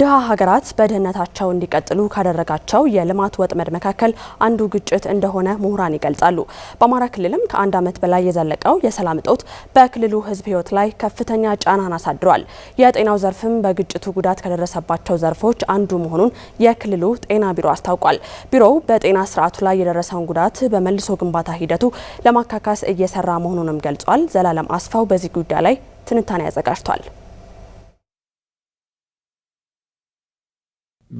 ድሃ ሀገራት በድህነታቸው እንዲቀጥሉ ካደረጋቸው የልማት ወጥመድ መካከል አንዱ ግጭት እንደሆነ ምሁራን ይገልጻሉ። በአማራ ክልልም ከአንድ ዓመት በላይ የዘለቀው የሰላም እጦት በክልሉ ሕዝብ ሕይወት ላይ ከፍተኛ ጫናን አሳድሯል። የጤናው ዘርፍም በግጭቱ ጉዳት ከደረሰባቸው ዘርፎች አንዱ መሆኑን የክልሉ ጤና ቢሮ አስታውቋል። ቢሮው በጤና ስርዓቱ ላይ የደረሰውን ጉዳት በመልሶ ግንባታ ሂደቱ ለማካካስ እየሰራ መሆኑንም ገልጿል። ዘላለም አስፋው በዚህ ጉዳይ ላይ ትንታኔ አዘጋጅቷል።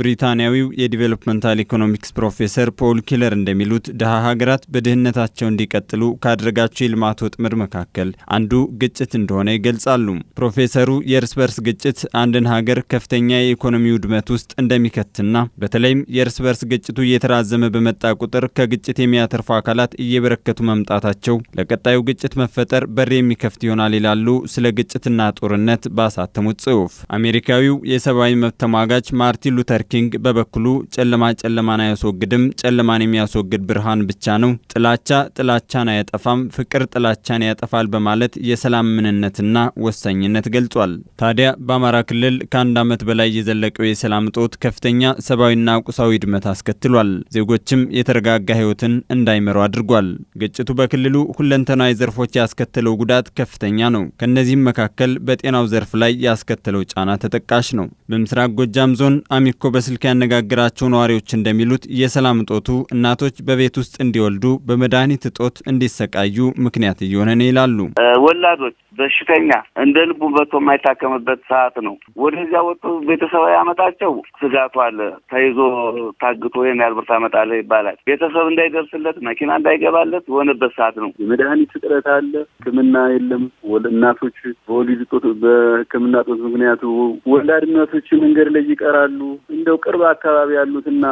ብሪታንያዊው የዲቨሎፕመንታል ኢኮኖሚክስ ፕሮፌሰር ፖል ኪለር እንደሚሉት ድሀ ሀገራት በድህነታቸው እንዲቀጥሉ ካደረጋቸው የልማት ወጥመድ መካከል አንዱ ግጭት እንደሆነ ይገልጻሉ። ፕሮፌሰሩ የእርስ በርስ ግጭት አንድን ሀገር ከፍተኛ የኢኮኖሚ ውድመት ውስጥ እንደሚከትና በተለይም የእርስ በርስ ግጭቱ እየተራዘመ በመጣ ቁጥር ከግጭት የሚያተርፉ አካላት እየበረከቱ መምጣታቸው ለቀጣዩ ግጭት መፈጠር በር የሚከፍት ይሆናል ይላሉ። ስለ ግጭትና ጦርነት ባሳተሙት ጽሑፍ አሜሪካዊው የሰብአዊ መብት ተሟጋች ማርቲን ሉተር ኪንግ በበኩሉ ጨለማ ጨለማን አያስወግድም፣ ጨለማን የሚያስወግድ ብርሃን ብቻ ነው። ጥላቻ ጥላቻን አያጠፋም፣ ፍቅር ጥላቻን ያጠፋል በማለት የሰላም ምንነትና ወሳኝነት ገልጿል። ታዲያ በአማራ ክልል ከአንድ ዓመት በላይ የዘለቀው የሰላም እጦት ከፍተኛ ሰብአዊና ቁሳዊ ውድመት አስከትሏል። ዜጎችም የተረጋጋ ህይወትን እንዳይመሩ አድርጓል። ግጭቱ በክልሉ ሁለንተናዊ ዘርፎች ያስከተለው ጉዳት ከፍተኛ ነው። ከእነዚህም መካከል በጤናው ዘርፍ ላይ ያስከተለው ጫና ተጠቃሽ ነው። በምስራቅ ጎጃም ዞን አሚኮ በስልክ ያነጋግራቸው ነዋሪዎች እንደሚሉት የሰላም እጦቱ እናቶች በቤት ውስጥ እንዲወልዱ፣ በመድኃኒት እጦት እንዲሰቃዩ ምክንያት እየሆነ ነው ይላሉ። ወላዶች በሽተኛ እንደ ልቡ በቶ የማይታከምበት ሰዓት ነው። ወደዚያ ወጡ ቤተሰብ ያመጣቸው ስጋቱ አለ። ተይዞ ታግቶ ወይም ያልብርት አመጣለ ይባላል። ቤተሰብ እንዳይደርስለት መኪና እንዳይገባለት የሆነበት ሰዓት ነው። የመድኃኒት እጥረት አለ። ሕክምና የለም። እናቶች በወሊድ እጦት በሕክምና እጦት ምክንያት ወላድ እናቶች መንገድ ላይ ይቀራሉ። እንደው ቅርብ አካባቢ ያሉትና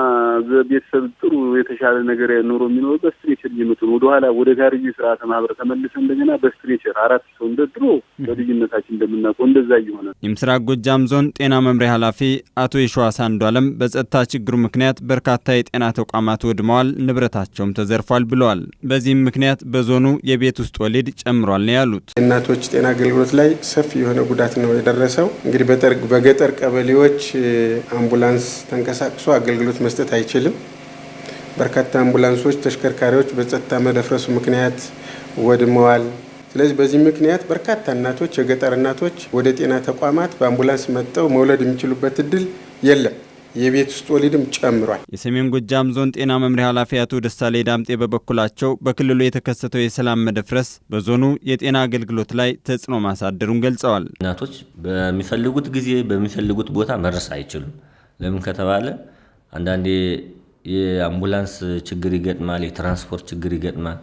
ቤተሰብ ጥሩ የተሻለ ነገር ኑሮ የሚኖሩ በስትሬቸር እየመጡ ነው። ወደኋላ ወደ ጋርጅ ስርዓተ ማህበር ተመልሰ እንደገና በስትሬቸር አራት ሰው እንደ ድሮ በልዩነታችን እንደምናውቀው እንደዛ እየሆነ ነው። የምስራቅ ጎጃም ዞን ጤና መምሪያ ኃላፊ አቶ የሸዋስ አንዱ በጸጥታ ችግሩ ምክንያት በርካታ የጤና ተቋማት ወድመዋል፣ ንብረታቸውም ተዘርፏል ብለዋል። በዚህም ምክንያት በዞኑ የቤት ውስጥ ወሊድ ጨምሯል ነው ያሉት። እናቶች ጤና አገልግሎት ላይ ሰፊ የሆነ ጉዳት ነው የደረሰው። እንግዲህ በገጠር ቀበሌዎች አምቡላንስ አምቡላንስ ተንቀሳቅሶ አገልግሎት መስጠት አይችልም። በርካታ አምቡላንሶች፣ ተሽከርካሪዎች በጸጥታ መደፍረሱ ምክንያት ወድመዋል። ስለዚህ በዚህ ምክንያት በርካታ እናቶች፣ የገጠር እናቶች ወደ ጤና ተቋማት በአምቡላንስ መጥተው መውለድ የሚችሉበት እድል የለም። የቤት ውስጥ ወሊድም ጨምሯል። የሰሜን ጎጃም ዞን ጤና መምሪያ ኃላፊ አቶ ደሳሌ ዳምጤ በበኩላቸው በክልሉ የተከሰተው የሰላም መደፍረስ በዞኑ የጤና አገልግሎት ላይ ተጽዕኖ ማሳደሩን ገልጸዋል። እናቶች በሚፈልጉት ጊዜ በሚፈልጉት ቦታ መድረስ አይችሉም። ለምን ከተባለ አንዳንዴ የአምቡላንስ ችግር ይገጥማል፣ የትራንስፖርት ችግር ይገጥማል።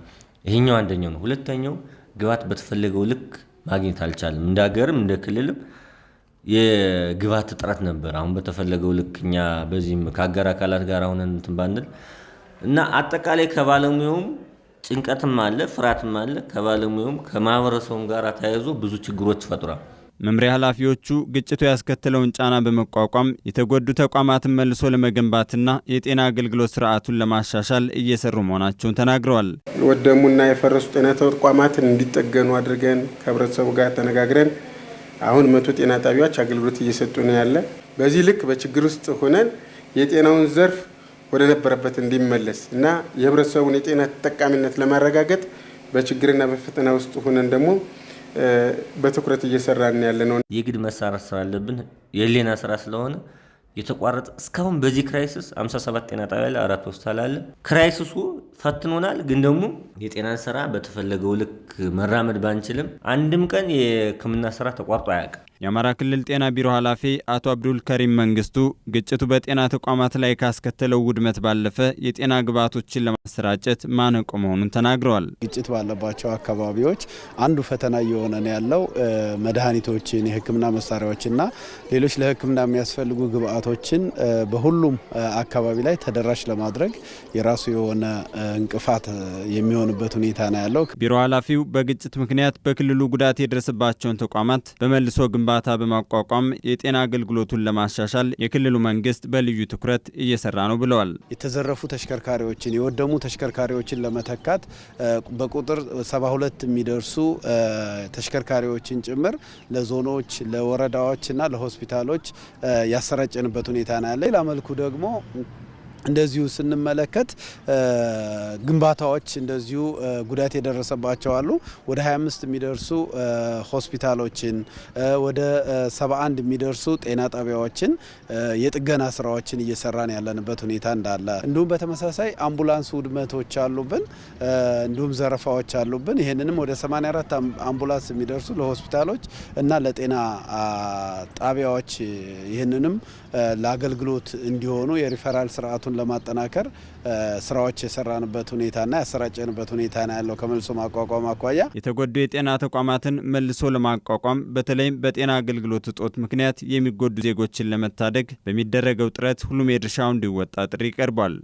ይሄኛው አንደኛው ነው። ሁለተኛው ግባት በተፈለገው ልክ ማግኘት አልቻለም። እንደ ሀገርም እንደ ክልልም የግባት እጥረት ነበር። አሁን በተፈለገው ልክ እኛ በዚህም ከአገር አካላት ጋር ሆነን እንትን ባንል እና አጠቃላይ ከባለሙያውም ጭንቀትም አለ፣ ፍርሃትም አለ። ከባለሙያውም ከማህበረሰቡም ጋር ተያይዞ ብዙ ችግሮች ፈጥሯል። መምሪያ ኃላፊዎቹ ግጭቱ ያስከተለውን ጫና በመቋቋም የተጎዱ ተቋማትን መልሶ ለመገንባትና የጤና አገልግሎት ስርዓቱን ለማሻሻል እየሰሩ መሆናቸውን ተናግረዋል። ወደሙና የፈረሱ ጤና ተቋማትን እንዲጠገኑ አድርገን ከህብረተሰቡ ጋር ተነጋግረን አሁን መቶ ጤና ጣቢያዎች አገልግሎት እየሰጡ ነው ያለ። በዚህ ልክ በችግር ውስጥ ሆነን የጤናውን ዘርፍ ወደ ነበረበት እንዲመለስ እና የህብረተሰቡን የጤና ተጠቃሚነት ለማረጋገጥ በችግርና በፈተና ውስጥ ሆነን ደግሞ በትኩረት እየሰራን ያለ ነው። የግድ መሳራት ስላለብን የሌና ስራ ስለሆነ የተቋረጠ እስካሁን በዚህ ክራይሲስ 57 ጤና ጣቢያ ላይ አራት ሆስፒታል አለ። ክራይሲሱ ፈትኖናል። ግን ደግሞ የጤናን ስራ በተፈለገው ልክ መራመድ ባንችልም አንድም ቀን የህክምና ስራ ተቋርጦ አያውቅም። የአማራ ክልል ጤና ቢሮ ኃላፊ አቶ አብዱል ከሪም መንግስቱ ግጭቱ በጤና ተቋማት ላይ ካስከተለው ውድመት ባለፈ የጤና ግብዓቶችን ለማሰራጨት ማነቆ መሆኑን ተናግረዋል። ግጭት ባለባቸው አካባቢዎች አንዱ ፈተና እየሆነ ነው ያለው መድኃኒቶችን፣ መሳሪያዎች መሳሪያዎችና ሌሎች ለህክምና የሚያስፈልጉ ግብዓቶችን በሁሉም አካባቢ ላይ ተደራሽ ለማድረግ የራሱ የሆነ እንቅፋት የሚሆንበት ሁኔታ ነው ያለው። ቢሮ ኃላፊው በግጭት ምክንያት በክልሉ ጉዳት የደረሰባቸውን ተቋማት በመልሶ ግንባታ በማቋቋም የጤና አገልግሎቱን ለማሻሻል የክልሉ መንግስት በልዩ ትኩረት እየሰራ ነው ብለዋል። የተዘረፉ ተሽከርካሪዎችን የወደሙ ተሽከርካሪዎችን ለመተካት በቁጥር 72 የሚደርሱ ተሽከርካሪዎችን ጭምር ለዞኖች ለወረዳዎችና ለሆስፒታሎች ያሰራጨንበት ሁኔታ ነው ያለ። ሌላ መልኩ ደግሞ እንደዚሁ ስንመለከት ግንባታዎች እንደዚሁ ጉዳት የደረሰባቸው አሉ። ወደ 25 የሚደርሱ ሆስፒታሎችን፣ ወደ 71 የሚደርሱ ጤና ጣቢያዎችን የጥገና ስራዎችን እየሰራን ያለንበት ሁኔታ እንዳለ፣ እንዲሁም በተመሳሳይ አምቡላንስ ውድመቶች አሉብን፣ እንዲሁም ዘረፋዎች አሉብን። ይህንንም ወደ 84 አምቡላንስ የሚደርሱ ለሆስፒታሎች እና ለጤና ጣቢያዎች ይህንንም ለአገልግሎት እንዲሆኑ የሪፈራል ስርዓቱ ሂደቱን ለማጠናከር ስራዎች የሰራንበት ሁኔታና ያሰራጨንበት ሁኔታ ነው ያለው። ከመልሶ ማቋቋም አኳያ የተጎዱ የጤና ተቋማትን መልሶ ለማቋቋም በተለይም በጤና አገልግሎት እጦት ምክንያት የሚጎዱ ዜጎችን ለመታደግ በሚደረገው ጥረት ሁሉም የድርሻው እንዲወጣ ጥሪ ቀርቧል።